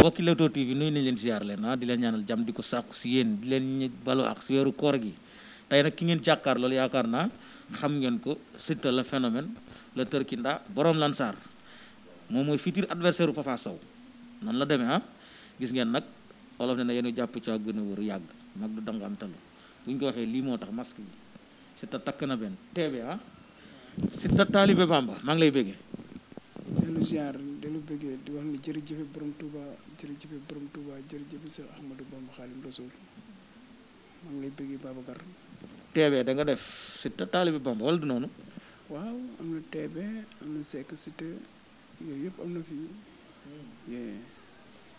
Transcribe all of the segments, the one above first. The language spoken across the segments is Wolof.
mbokki Leewtoo TV nuyu nañ leen ziar leen ah di leen ñaanal jàmm di ko sàkku si yéen di leen balu ak si weeru koor gi tey nag ki ngeen jàkkaar loolu yaakaar naa xam ngeen ko Siteu le phénomène le Tarkinda borom Lansar moom mooy futur adversaire u Papa Sow noonu la demee ah gis ngeen nag olof ne na yéen jàpp caa gën a wër yàgg mag du danga am talu bu ko waxee lii moo tax masque bi Siteu takk na benn teebe ah Siteu taalibe Bamba maa ngi lay béggee dellu de dellu bëggee di wax ni jërëjëfe borom Touba jërëjëfe borom Touba jërëjëfe Seex Ahmadou Bamba Xaadimu Rasuul maa ngi lay bëggee Babacar. teebee da nga def Siteu taalibi Bamba wala du noonu. waaw am na teebee am na Seck Siteu yooyu yëpp am na fii. Hmm.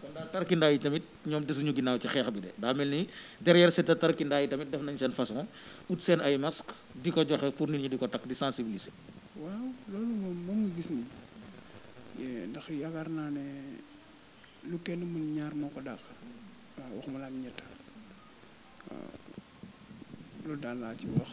kon tarkindaa yi tamit ñoom desuñu ginnaaw ci xeex bi de daa mel ni derrière Siteu tarkindaa yi tamit def nañ seen façon ut seen ay masque di ko joxe pour nit ñi di ko takk di sensibiliser. waaw loolu moom Eh, ndax yaakaar naa ne lu kenn mën ñaar moo ko dàq waaw waxuma la ak ñett waaw loolu daal laa ci wax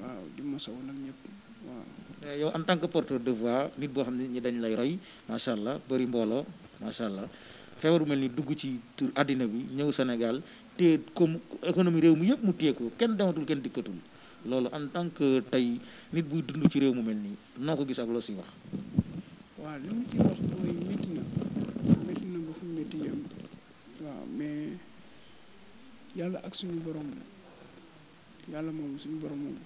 waaw di mosaw nag ñëpp waaw. Eh, yow en tant que porteur de voix nit boo xam ne ñi dañ lay roy macha allah bëri mbooloo macha allah feebar mel ni dugg ci tur àddina bi ñëw Sénégal téye comme économie réew mi yëpp mu téye kenn dematul kenn dikkatul loolu en tant que tey nit buy dund ci réew mu mel nii noo ko gis ak loo siy wax. waa li mu ci wax mooy métti na métti na ba fu métti yem waaw mais yàlla ak suñu borom yàlla moom suñu borom moom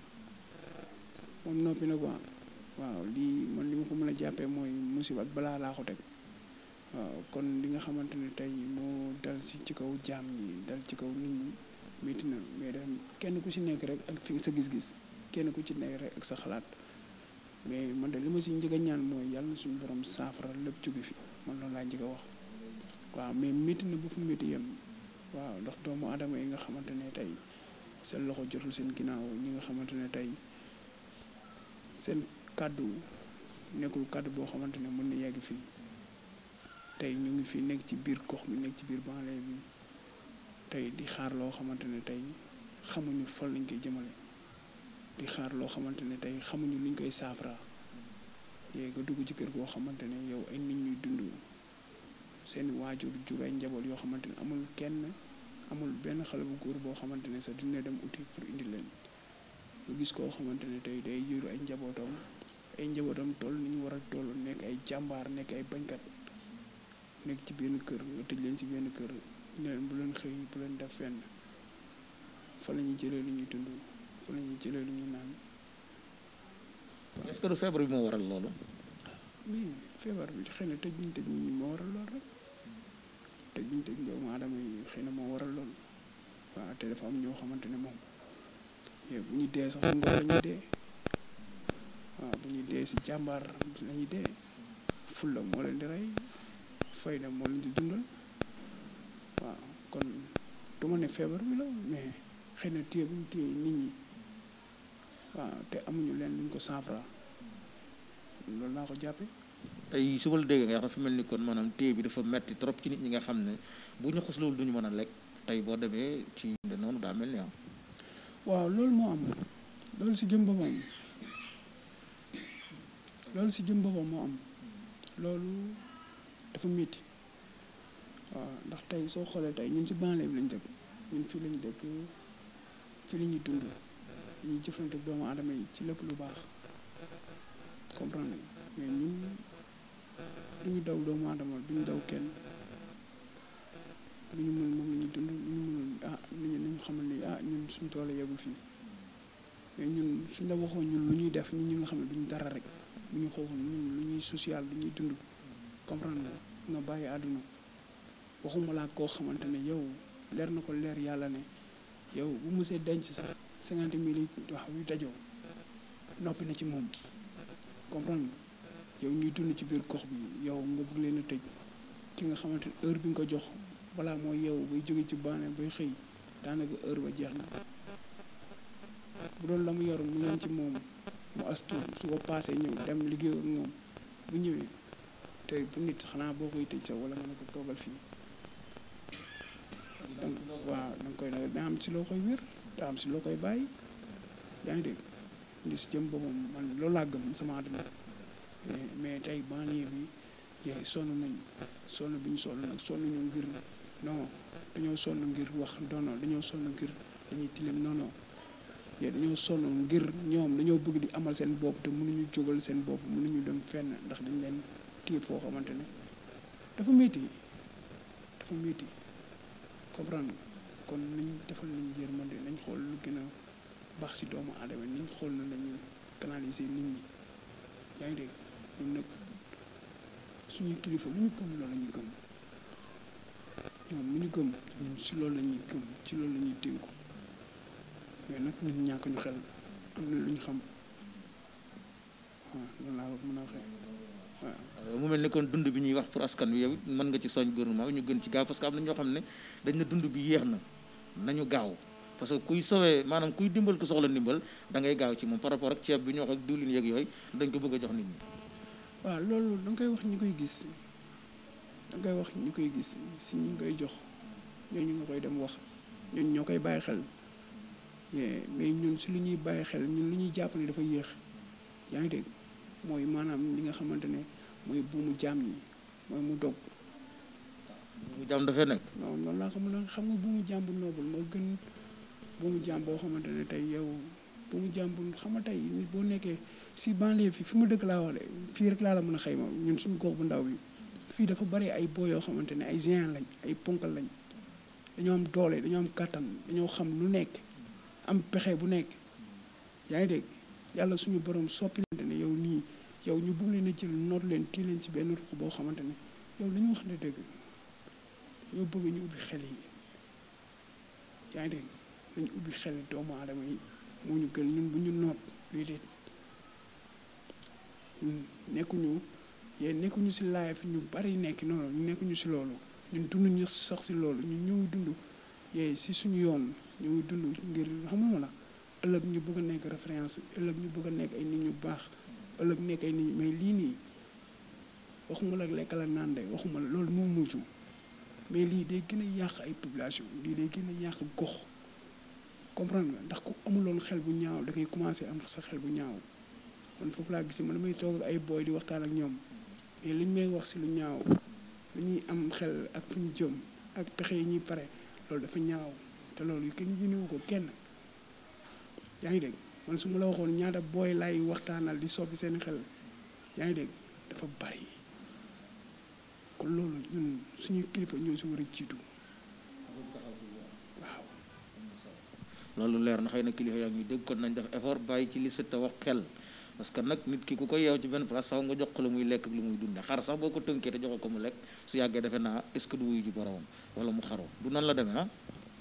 moom noppi na quoi waaw lii man li ma ko mën a jàppee mooy musiba ak balaa laa ko teg waaw kon li nga xamante ne tey moo dal si ci kaw jaam yi dal ci kaw nit ñi métti na mais dafa kenn ku ci nekk rek ak fi sa gis-gis kenn ku ci nekk rek ak sa xalaat mais man de li ma si njëg a ñaan mooy yàlla na suñu borom saafara lépp jóge fi man loolu laa njëkk a wax waaw mais métti na ba fu métti yem waaw ndox doomu aadama yi nga xamante ne tey seen loxo jotul seen ginnaaw ñi nga xamante ne tey seen kàddu nekkul kàddu boo xamante ne mën na yegg fii tey ñu ngi fi nekk ci biir gox bi nekk ci biir banlieue bi tey di xaar loo xamante ne tey xamuñu fan lañ koy jëmale di xaar loo xamante ne tey xamuñu luñ koy saafara yooyu nga dugg ci kër goo xamante ne yow ay nit ñuy dund seeni waajur jur ay njaboot yoo xamante ne amul kenn amul benn xale bu góor boo xamante ne sax dina dem uti pour indi leen nga gis koo xamante ne tey day yëru ay njabootam ay njabootam toll ni ñu war a toll nekk ay jàmbaar nekk ay bañkat nekk ci benn kër nga tëj leen ci benn kër ne leen bu leen xëy bu leen def fenn fa lañuy ñuy jëlee lu ñuy dund fa la ñuy jëlee lu ñuy naan. est-ce que du feebar bi moo waral loolu. feebar bi xëy na tëj ñu tëj ñu moo waral loolu rek tëj ñu tëj doomu aadama yi xëy na moo waral loolu waaw te dafa am ñoo xamante ne moom yow bu ñu dee sax si ngor la dee waaw bu ñuy dee si jàmbaar la ñuy dee fulla moo leen di rey fayda moo leen di dundal waaw kon du ma ne feebar bi la mais xëy na téye bu nit ñi. waaw te amuñu leen luñ ko saafara loolu laa ko jàppe tey su ma la déggee nga mel ni kon maanaam téye bi dafa metti trop ñi nga xam ne bu ñu xos loolu duñu mën a lekk tey boo demee ci noonu daa mel ni am waaw loolu moo am loolu si jëm boppam loolu si jëm boppam moo am loolu dafa metti waaw ndax tey soo xoolee tey ñun ci banlieue bi lañ dëkk ñun fi lañ dëkk fii la ñuy dund ñu jëflante doomu adama yi ci lépp lu baax comprendre mais ñun duñu daw doomu aadama duñu daw kenn lu ñu mën moom la ñuy dund ñu ah, xamal ni ah ñun suñu tool yegul fii mais ñun suñ la waxoo ñun lu ñuy def ñun ñi nga xam ne duñu dara rek bu ñu xooxoon lu ñuy social lu ñuy dund comprendre nga bàyyi àdduna waxuma laa koo xamante ne yow leer na ko leer yàlla ne yow bu mësee denc sax cinquante mille wax yu dajoo noppi na ci moom comprendre yow ñuy dund ci biir gox bi yow nga bëgg leen a tëj ki nga xamante ne heure bi nga ko jox balaa mooy yow bay jóge ci baane bay xëy daanaka heure ba jeex na bu doon la mu yor mu yem ci moom mu astu su ko paasee ñëw dem liggéey ak moom bu ñëwee tey bu nit xanaa boo koy tëj sax wala nga ne ko toogal fii donc waaw danga koy da nga am si loo koy wér daa si loo koy bàyyi yaa ngi dégg ndi si jëm ba man loolu laa gëm sama àdduna mais tey banlieue bi yee sonn nañu sonn bi ñu sonn nag sonn ñu ngir non dañoo sonn ngir wax non dañoo sonn ngir dañuy tilim non non yee dañoo ngir ñoom dañoo bugg di amal seen bopp te mënuñu jógal seen bopp mënuñu dem fenn ndax dañ leen téye foo xamante ni dafa métti dafa métti comprendre nga kon nañ defal man yërmande nañ xool lu gën a baax ci doomu aadama nañ xool na lañuy canaliser nit ñi yaa ngi dégg ñun suñu kilifa lu ñu gëm loolu la ñuy gëm ñoom lu ci loolu lañuy ñuy mais nag ñun ñàkk ñu xel am na lu xam waaw loolu laa mën a waxee waaw mu mel ne dund bi ñuy wax pour askan yow man nga ci soñ gouvernement bi ñu gën ci gaaw parce que am na ñoo xam ne dañ ne dund bi yéex na nañu gaaw parce que kuy sowee maanaam kuy dimbal ku soxla ndimbal da ngay gaaw ci moom par rapport ak ceeb bi ñoo wax ak diwlin yeeg yooyu dañ ko bëgg a jox nit ñi. waaw loolu da koy wax ñu koy gis da koy wax ñu koy gis si ñu koy jox ñooñu nga koy dem wax ñun ñoo koy bàyyi xel mais ñun si lu ñuy bàyyi xel ñun lu ñuy jàpp ne dafa yéex yaa ngi dégg mooy maanaam li nga xamante ne mooy buumu jaam yi mooy mu dog bu mu jàmm dafay nekk. noonu laa ko mën a xam nga bu mu jàmm bu noobul moo gën bu mu jàmm boo xamante ne tey yow bu mu jàmm xam nga tey boo nekkee si banlieue fi fi ma dëkk laa fii rek laa la mën a xayma ñun suñu gox bu ndaw bi fii dafa bari ay boo yoo xamante ne ay géant lañ ay ponkal lañ dañoo am doole dañoo am kàttan dañoo xam lu nekk am pexe bu nekk yaa ngi dégg yàlla suñu borom soppilante ne yow nii yow ñu bëgg leen a jël noot leen tii leen ci benn ruq boo xamante ne yow li ñu wax ne dëgg. yoo bëgg ñu ubbi xel yi yaa ngi dégg ubbi xel doomu aadama yi moo ñu gën ñun bu ñu noot luy déet nekkuñu yéen nekkuñu si laay ñu bari nekk noonu nekkuñu si loolu ñun dund ñu sax si loolu ñun ñëw dund yee si suñu yoon ñu dund ngir xamuma la ëllëg ñu bëgg a nekk référence ëllëg ñu bëgg a nekk ay nit ñu baax ëllëg nekk ay nit mais lii nii waxuma la lekk la naan de waxuma la loolu moo mujj mais lii day gën a yàq ay population lii day gën a yàq gox comprendre ndax ko amuloon xel bu ñaaw dafay ngay commencé am sa xel bu ñaaw man foofu laa gis man damay toog ay booy di waxtaan ak ñoom mais liñ may wax si lu ñaaw lu ñuy am xel ak fu ñu jëm ak pexe yi ñuy pare loolu dafa ñaaw te loolu kenn yéenewu ko kenn yaa ngi dégg man su ma la waxoon ñaata booy laay waxtaanal di soppi seen xel yaa ngi dégg dafa bari. kon loolu ñun suñu kilifa ñoo si war a jiitu waaw. loolu leer na xëy na kilifa yaa ngi dégg kon nañ def effort bàyyi ci li sët a wax xel parce que nag nit ki ku ko yeew ci benn place sax nga jox ko lu muy lekk ak lu muy dunde xar sax boo ko tënkee te joxoo ko mu lekk su yàggee defe naa est-ce que du wuyu ji boromam wala mu xaroo du nan la deme ah.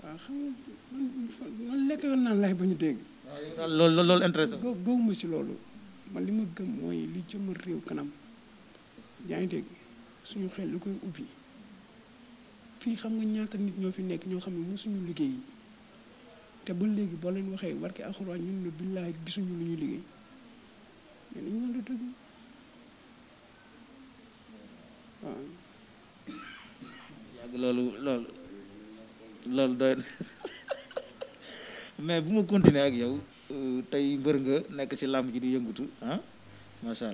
waaw ah, xam nga man lekk yoon naan lay ba ñu dégg. waaw loolu loolu intéressant. ma si loolu man li ma gëm mooy li jëmal réew kanam yaa ngi dégg. suñu xel lu koy ubbi fii xam nga ñaata nit ñoo fi nekk ñoo xam ne suñu liggéey te ba léegi boo leen waxee barke alxuraan ñun ne billaay gisuñu lu ñu liggéey mais dañu loolu loolu loolu doy bu ma continuer ak yow euh, tey mbër nga nekk ci làmb ji di yëngatu ah macha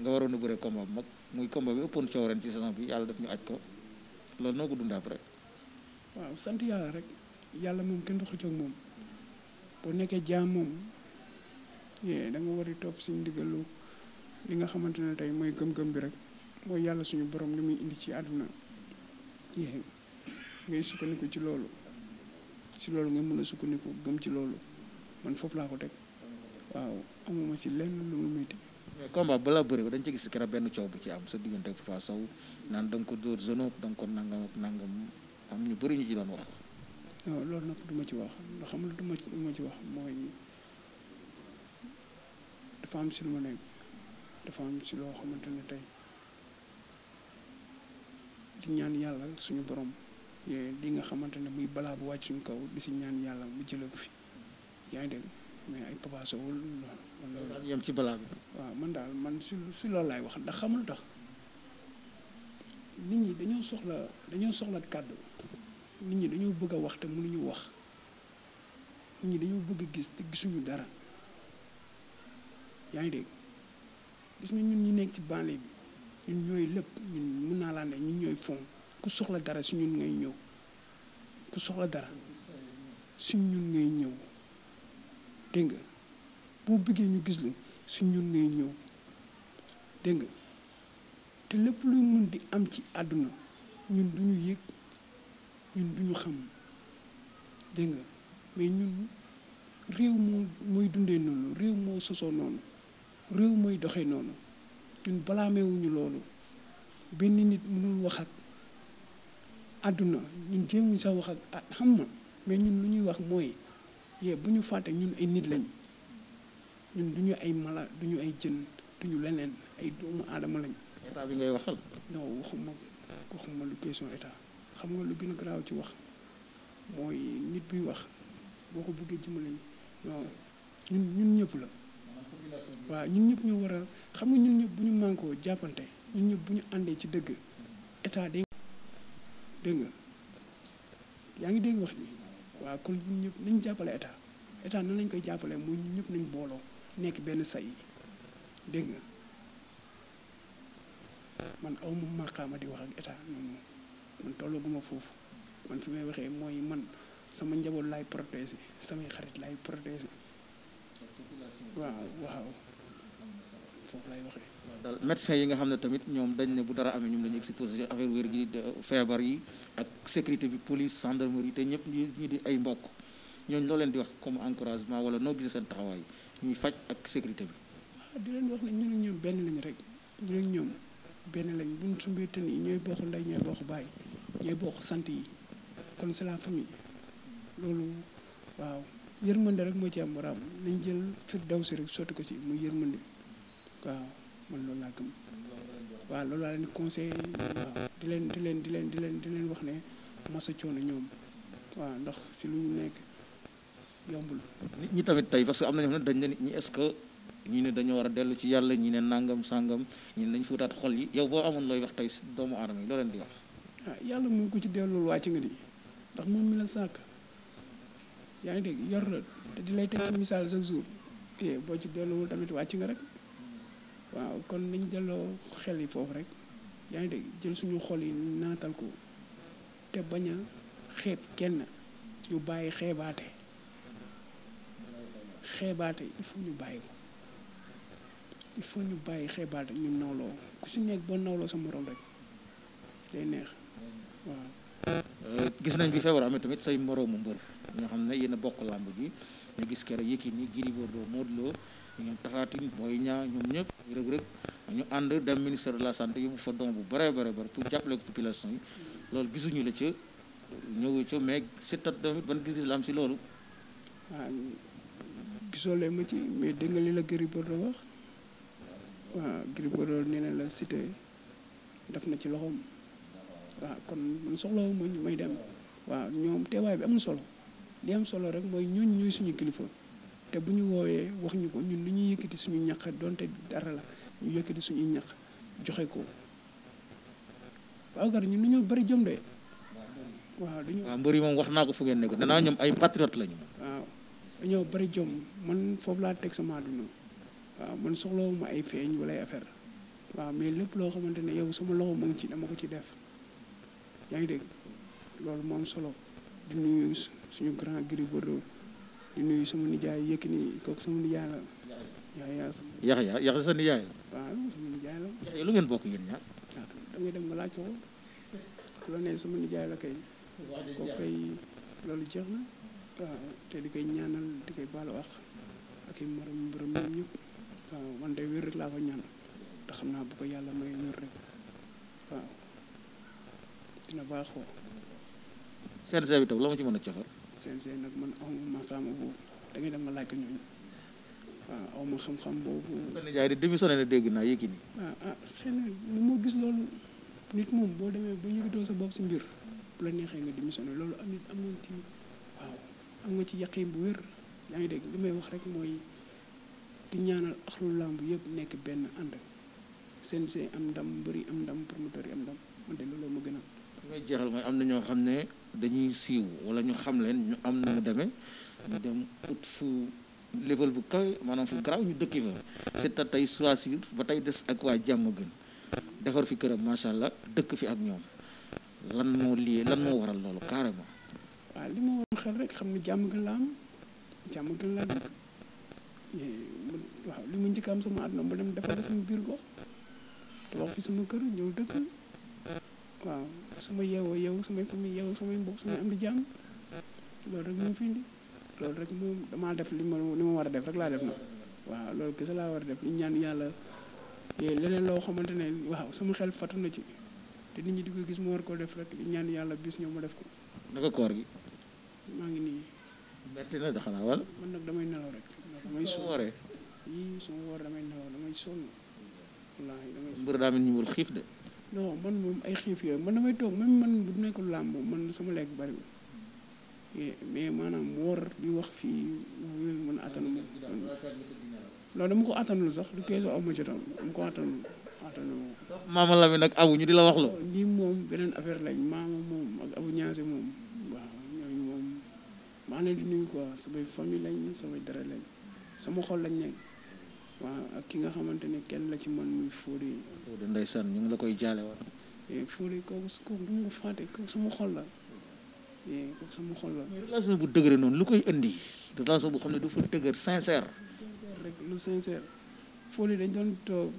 nga waroon a bëre combat bu mag muy combat bi ëppoon coow ren ci saison bi yàlla daf ñu noo ko dund après. waaw sant yàlla rek yàlla moom kenn du xëccoog moom boo nekkee jaam moom da nga war a topp si ndigalu li nga xamante ne tey mooy gëm-gëm bi rek mooy yàlla suñu boroom li muy indi ci àdduna ngay sukkandiku ci loolu si loolu nga mën a sukkandiku gëm ci loolu man foofu laa ko teg waaw amuma si lenn lu mu metti mais combat balaa bëri ba dañ ci si keroog benn coow bu ci am sa diggante ak Papa Sow naan da ko dóor zone da nga ko am ñu bari ñu ci doon wax. loolu nag duma ma ci wax ndax xam nga du ma ci wax mooy dafa am si lu ma nekk dafa am si loo xamante ne tey di ñaan yàlla suñu borom li nga xamante ne muy balaa bu wàcc suñu kaw di si ñaan yàlla mu jële ko fi yaa ngi mais ay Papa Sow wala yem ci balaa bi. man daal man si si loolu laay wax ndax xamul tax nit ñi dañoo soxla dañoo soxla kàddu nit ñi dañoo bëgg a wax te mënuñu wax ñi dañoo bëgg a gis te gisuñu dara yaa ngi dégg gis nga ñun ñi nekk ci bale bi ñun ñooy lépp ñu mun naa laa ne ñun ñooy fond ku soxla dara si ñun ngay ñëw ku soxla dara si ñu ngay ñëw. dégg nga boo bëggee ñu gis la su ñun nee ñëw dégg nga te lépp luy mun di am ci àdduna ñun du ñu yëg ñun du ñu xam dégg nga mais ñun réew moo mooy dundee noonu réew moo sosoo noonu réew mooy doxee noonu ñun balaamewuñu loolu benn nit mënul wax ak àdduna ñun jéemuñ sax wax ak at ah, xam ma mais ñun lu ñuy wax mooy yee bu ñu fàtte ñun ay nit lañ ñun du ñu ay mala du ñu ay jën du ñu leneen ay doomu aadama lañ. état bi ngay waxal. non waxuma waxuma lu question état xam nga lu gën a garaaw ci wax mooy nit buy wax boo ko bëggee jëmale non ñun ñëpp la. waaw ñun ñëpp ñu war a xam nga ñun ñëpp bu ñu mànkoo jàppante ñun ñëpp bu ñu àndee ci dëgg état day. dégg yaa ngi dégg wax ji. waaw kon ñun ñëpp nañ jàppale état état nan lañ koy jàppale mu ñëpp nañ booloo nekk benn say dégg nga man aw ma maqaama di wax ak état non non man tollaguma foofu man fi may waxee mooy man sama njaboot laay protéger samay xarit laay protéger waaw waaw foofu lay waxee daal yi nga xam ne tamit ñoom dañ ne bu dara amee ñoom la ñu exposé affaire wér gi feebar yi ak sécurité bi police gendarmerie te ñëpp ñu ñu di ay mbokk ñooñu loo leen di wax comme encouragement wala noo gisee seen taxawaay ñuy faj ak sécurité bi. Ah, di leen wax ne ñun ñoom benn lañ rek ñun ñoom benn lañ buñ sumbee tën yi ñooy bokk ndey ñooy bokk baay ñooy bokk sant yi kon c'est la famille loolu waaw yërmande rek moo ci am waraam nañ jël fi daw si rek ko ci muy yërmande. waaw man loolu laa gëm waaw loolu laa leen conseillé di leen di leen di leen di leen di leen wax ne masa coono ñoom waaw ndax si lu ñu nekk yombul. nit ñi tamit tey parce que am na ñoo xam ne dañ ne nit ñi est-ce que ñu ne dañoo war a dellu ci yàlla ñi ne nàngam sàngam ñi ne nañ fuutaat xol yi yow boo amoon looy wax tey si doomu adama yi loo di wax. ah yàlla mu ko ci delloo wàcc nga di ndax moom mi la sàkk yaa ngi dégg yor la te di lay teg ci misaal chaque jour eh, boo ci delloowul tamit wàcc nga rek. waaw kon nañ delloo xel yi foofu rek yaa ngi dégg jël suñu xol yi naatal ko te bañ a xeeb kenn ñu bàyyi xeebaate xeebaate il faut ñu bàyyi bàyyi xeebaate ñu nawloo ku si nekk boo nawloo sa moroom rek day neex waaw. Euh, gis nañ bi feebar amee tamit say moroomu mbër ñoo xam ne yéen a bokk làmb ji ñu gis keroog Yékini Gris Bordeaux Modou Lo ñoom Tapha Tine Boy Niang ñoom ñëpp. rëg-rëg ñu ànd dem ministère de la santé yóbbu fa don bu bare bare bare pour jàppale ko population yi loolu gisuñu la ca ñëwu ca mais Siteu tamit ban gis-gis la am si loolu waaw ah, gisoolee ma ci mais dégg nga li la Gris Bordeaux wax waaw ah, Gris Bordeaux nee la Siteu def na ci loxoom waaw ah, kon man soxlawu ma may dem waa ñoom teewaay bi amul solo li am solo rek mooy ñooñ ñooy suñu kilifa te bu ñu woowee wax ñu ko ñun lu ñuy yëkkati suñu ñax donte dara la ñu yëkkati suñu ñax joxe ko waaw gar ñun lu ñoo bari jom de waaw dañu waaw mbër yi wax naa ko ngeen ne ko danaa ñoom ay patriote lañu. waaw dañoo bari jom man foofu laa teg sama àdduna waaw man ma ay feeñ wala ay affaire waaw mais lépp loo xamante ne yow sama loxo mu ngi ci dama ko ci def yaa ngi dégg loolu moom solo di nuyu suñu grand Gris Bordeaux di nuyu sama nijaay Yékini kooku sama nijaay la. Yaxya sama Yaxya Yaxya sama nijaay la. waaw dem nga laaj ko ku la ne sama nijaay la kay. kooku kay loolu jeex na. waaw te di koy ñaanal di koy baalu wax ak i morom mbiram waaw man de wér rek laa ko ñaan te xam naa bu ko yàlla may wér rek waaw dina baaxoo. seen bi tam la ma ci mën a cofar. CNG nag man aw ma maqaama boobu da ma xam-xam boobu. jaay de démissionné dégg naa yëg nii. waaw ah, moo gis loolu nit moom boo demee ba yëgatoo sa bopp si mbir bu la neexee nga démissionné loolu am nit am ci waaw am ci yaqin bu wér yaa ngi dégg li may wax rek mooy di ñaanal axlu làmb yëpp nekk benn ànd CNG am ndam mbëri am ndam promoteur yi am ndam man de loolu ma gën a. ngay jeexal mooy am na ñoo xam ne. dañuy siiw wala ñu xam leen ñu am na mu demee ñu dem ut fu level bu kawe maanaam fu garaaw ñu dëkki fa c'est à tey choisir ba tey des ak waa jàmm gën defar fi këram macha allah dëkk fi ak ñoom lan moo liyee lan moo waral loolu carrément. waaw li ma woon xel rek xam ne jàmm gën la am jàmm gën la dëkk waaw li mu njëkk am sama àdduna mu dem defar sama biir gox te wax fi sama kër ñëw dëkk. waaw su ma yeewoo yow samay famille yow samay mbokk samay am di jàmm loolu rek moo fi loolu rek moom damaa def li ma li ma war a def rek laa def na waaw loolu kese laa war a def ñu ñaan yàlla leneen loo xamante ne waaw sama xel fatu na ci te nit ñi di ko gis mu war ko def rek ñaan yàlla bis ñoom ma def ko. naka koor gi. ngi nii. metti na xanaa wala. man nag damay nelaw rek. damay sonn wooree. yii su ma woor damay mbër daa mel ni mu xiif de. non man moom ay xiif yooyu man damay toog même man bu nekkul làmb man sama lekk bariwul mais maanaam wor di wax fii yooyu man attanuma loolu dama ko attanul sax du keesu aw ma jotam ko attanul attanuma maama la mi nag abu ñu di la wax loo lii moom beneen affaire lañ maama moom ak abu ñaase moom waaw ñooñu moom maa leen di nuyu quoi samay famille lañ samay dara lañ sama xol lañ nekk waaw ak ki nga xamante ne kenn la ci man muy Fodé. Fodé ndeysaan ñu ngi la koy jaale waat. Eh, Fodé kooku kooku du ma ko fàtte kooku sama xol la eh, kooku sama xol la. mais bu dëgëre noonu lu koy indi relation bu xam ne du fa dëgër sincère. sincère rek lu sincère dañ doon toog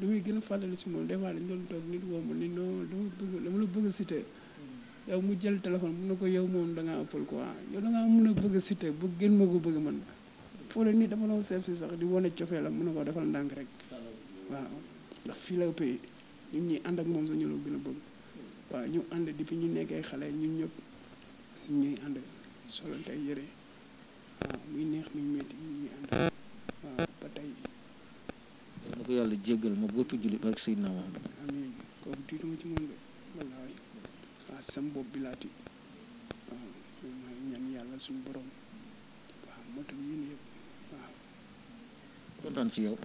lu muy gën a fàttali ci moom des fois dañ doon toog nit woo ma ni non dama bëgg dama la bëgg cité yow mu jël téléphone mun na ko yow moom da ngaa ëppal quoi yow da ngaa mun a bëgg cité bu gën ma ko bëgg man. foo la nii dama doon seet si sax di wane cofee la mun na koo defal ndànk rek waaw ndax fii la ëppee ñun ñuy ànd ak moom sax ñu la gën a bëgg waaw ñu ànd depuis ñu nekkee xale ñun ñëpp ñuy ànd solo tey yëre waaw muy neex muy métti ñuy ànd waaw ba tey. na ko yàlla jéggal ma bopp julli barke Seydina Muhammad. amiin kooku tiituma ci moom de wallaahi waaw sam bopp bi laa tiit waaw ñaan yàlla suñu borom waaw moo tax yéen kontaan ci yow.